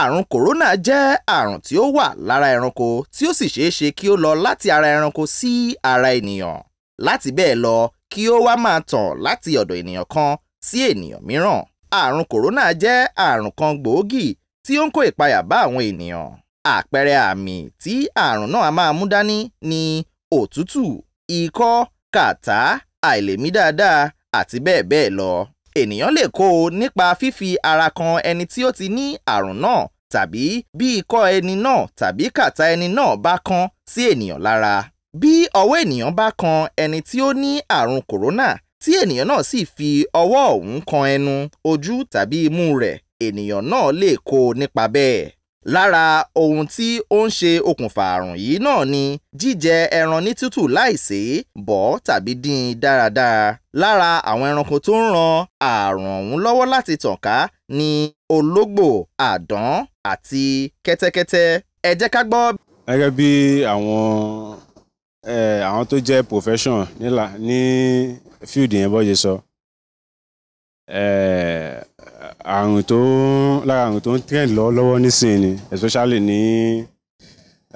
àrùn kòrónà jẹ́ àrùn tí ó wà lára ẹranko tí ó sì ṣeé ṣe kí ó lọ láti ara ẹranko sí ara ènìyàn láti bẹ́ẹ̀ lọ kí ó wá máa tàn láti ọ̀dọ̀ ènìyàn kan sí ènìyàn mìíràn àrùn kòrónà jẹ́ àrùn kan gbòógì tí ó ń kó ìpayà bá àwọn ènìyàn àpẹẹrẹ àmì tí àrùn náà a máa mú dání ni òtútù ikọ́ kàtá àìlèmí dáadáa àti bẹ́ẹ̀ bẹ́ẹ̀ lọ ènìyàn lè kó o nípa fífi ara kan ẹni tí ó ti ní àrùn náà tàbí bí ikọ́ ẹni náà tàbí kàtà ẹni náà bá kan sí ènìyàn lára. bí ọwọ́ ènìyàn bá kan ẹni tí ó ní àrùn kòrónà tí ènìyàn náà sì fi ọwọ́ ọ̀hún kan ẹnu ojú tàbí imú rẹ̀ ènìyàn náà lè kó o nípa bẹ́ẹ̀ lára ohun tí ó ń ṣe okùnfà àrùn yìí náà ni jíjẹ ẹran ní tútù láìsè bọ̀ tàbí dín dáradára lára àwọn ẹranko tó ń ran àrùn ọ̀hún lọ́wọ́ láti tàn ká ni ológbò àdán àti kẹ́tẹ́kẹ́tẹ́ ẹ jẹ́ ká gbọ́. gẹ́gẹ́ bí àwọn àwọn tó jẹ́ profession ní field yẹn bọ́ ṣe sọ. So àrùn tó lára àrùn tó ń trend lọ́wọ́lọ́wọ́ nísìnyí ni especially ní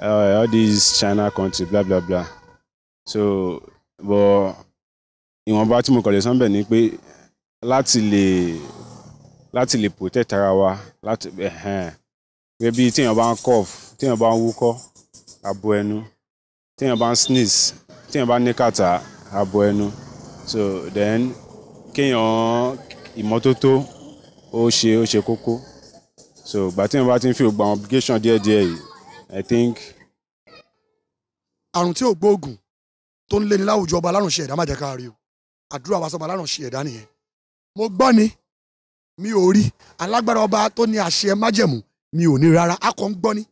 uh, all these China country bla bla bla so but ìwọ̀nba tí mo kọ̀ lè sọ́nbẹ̀ ni pé láti lè láti lè protect ara wa láti gẹ́gẹ́ bí téèyàn bá ń cough téèyàn bá ń wúkọ́ abo ẹnu téèyàn bá ń sneeze téèyàn bá ní kàtà abo ẹnu so then kéèyàn ìmọ́tótó ó ṣe ó ṣe kókó so ìgbà tí wọn bá ti ń fi ògbà àwọn obligation díẹ̀ díẹ̀ yìí i think. àrùn tí ò gbóògùn tó ń léni láwùjọ ọba alárùnṣe ẹ̀dá má jẹ́ ká rí o àdúrà wa sọba alárùnṣe ẹ̀dá nìyẹn mo gbọ́ ni mi ò rí alágbára ọba tó ní àṣẹ májẹ̀mú mi ò ní rárá a kò ń gbọ́ ni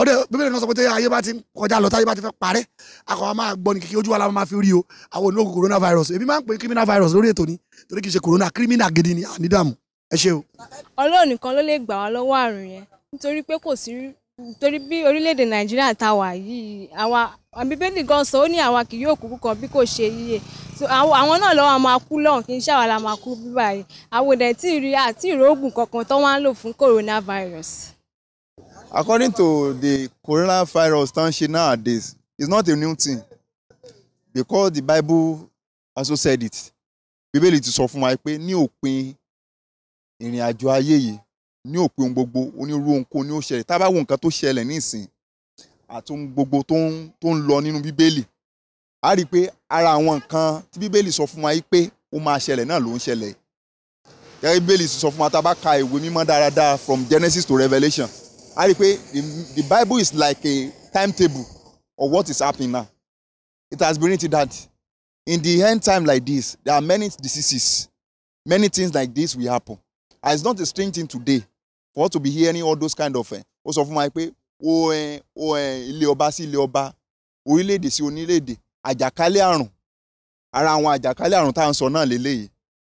ọdẹ bíbélì náà sọ pé tí ayé bá ti kọjá lọ táyé bá ti fẹ́ parẹ́ a kò máa gbọ́ ni kìkì ojú wa la máa fi rí o àwọn onílògùn coronavirus èmi máa ń pè é criminal virus lórí ètò ni torí kì í ṣe corona criminal gidi ni ànídàmú ẹ ṣe ọlọ́run nìkan ló lè gbà wá lọ́wọ́ àrùn yẹn nítorí pé kò sí nítorí bí orílẹ̀-èdè nàìjíríà ta wà yìí àwa bíbélì gan sọ ó ní àwa kì yóò kúkú kan bí kò ṣe yíyẹ àwọn náà lọ́wọ́ máa kú lọ́hùn kì í ṣàwà la máa kú bí báyìí àwọn òdẹ tí rí àti ìrógùn kankan tó wá ń lò fún coronavirus. according to the coronavirus tan ṣe nowadays is not a new thing because the bible also said it bíbélì ti sọ fún wa pé ní òpin ìrìn àjò ayé yìí ní òpin ohun gbogbo onírú ohunkóhun ni ó ṣẹlẹ̀ tá a bá wo nǹkan tó ṣẹlẹ̀ nísìn àti ohun gbogbo tó ń lọ nínú bíbélì a rí i pé ara àwọn nǹkan tí bíbélì sọ fún wa yìí pé ó máa ṣẹlẹ̀ náà ló ń ṣẹlẹ̀ gẹ́gẹ́ bíbélì sọ fún wa tá a bá ka ìwé mímọ́ dáradára from Genesis to Revelation a rí i pé the Bible is like a timetable of what is happening now it has been written that in the end time like this there are many diseases many things like this will happen and ah, it's not a strange thing today for us to be hearing all those kind of eh, ó sọ fún wa pé o o eh, eh, ilé ọba sí ilé ọba orílẹ̀-èdè sí onílẹ̀-èdè àjàkálẹ̀ àrùn ara àwọn àjàkálẹ̀ àrùn tá à ń sọ náà lélẹ́yìí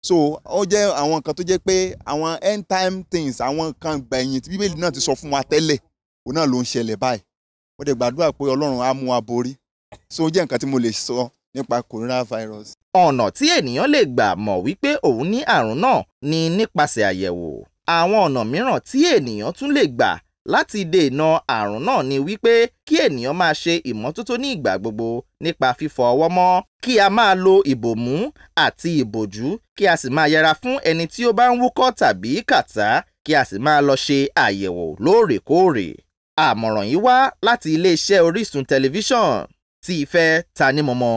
so ó jẹ́ àwọn nǹkan tó jẹ́ pé àwọn end time things àwọn nǹkan gbẹ̀yìn tí bíbélì náà ti sọ fún wa tẹ́lẹ̀ òun náà ló ń ṣẹlẹ̀ báyìí mo dẹ̀ gbàdúrà pé ọlọ́run á mú wa borí so ó jẹ́ nǹkan tí mo lè sọ nípa coronavirus ọ̀nà tí ènìyàn lè gbà mọ̀ wípé òun ní àrùn náà ni nípasẹ̀ àyẹ̀wò. àwọn ọ̀nà mìíràn tí ènìyàn tún lè gbà láti dènà àrùn náà ni wípé kí ènìyàn máa ṣe ìmọ́tótó ní ìgbà gbogbo nípa fífọ ọwọ́ mọ́ kí a máa lo ìbòmú àti ìbòjú kí a sì máa yẹra fún ẹni tí ó bá ń wúkọ́ tàbí kàtá kí a sì máa lọ ṣe àyẹ̀wò lóòrèkóòrè. àmọ̀ràn yìí wá láti iléeṣẹ́ Orísun tẹlifíṣọ̀n tí ìfẹ́ tanimọ̀mọ́.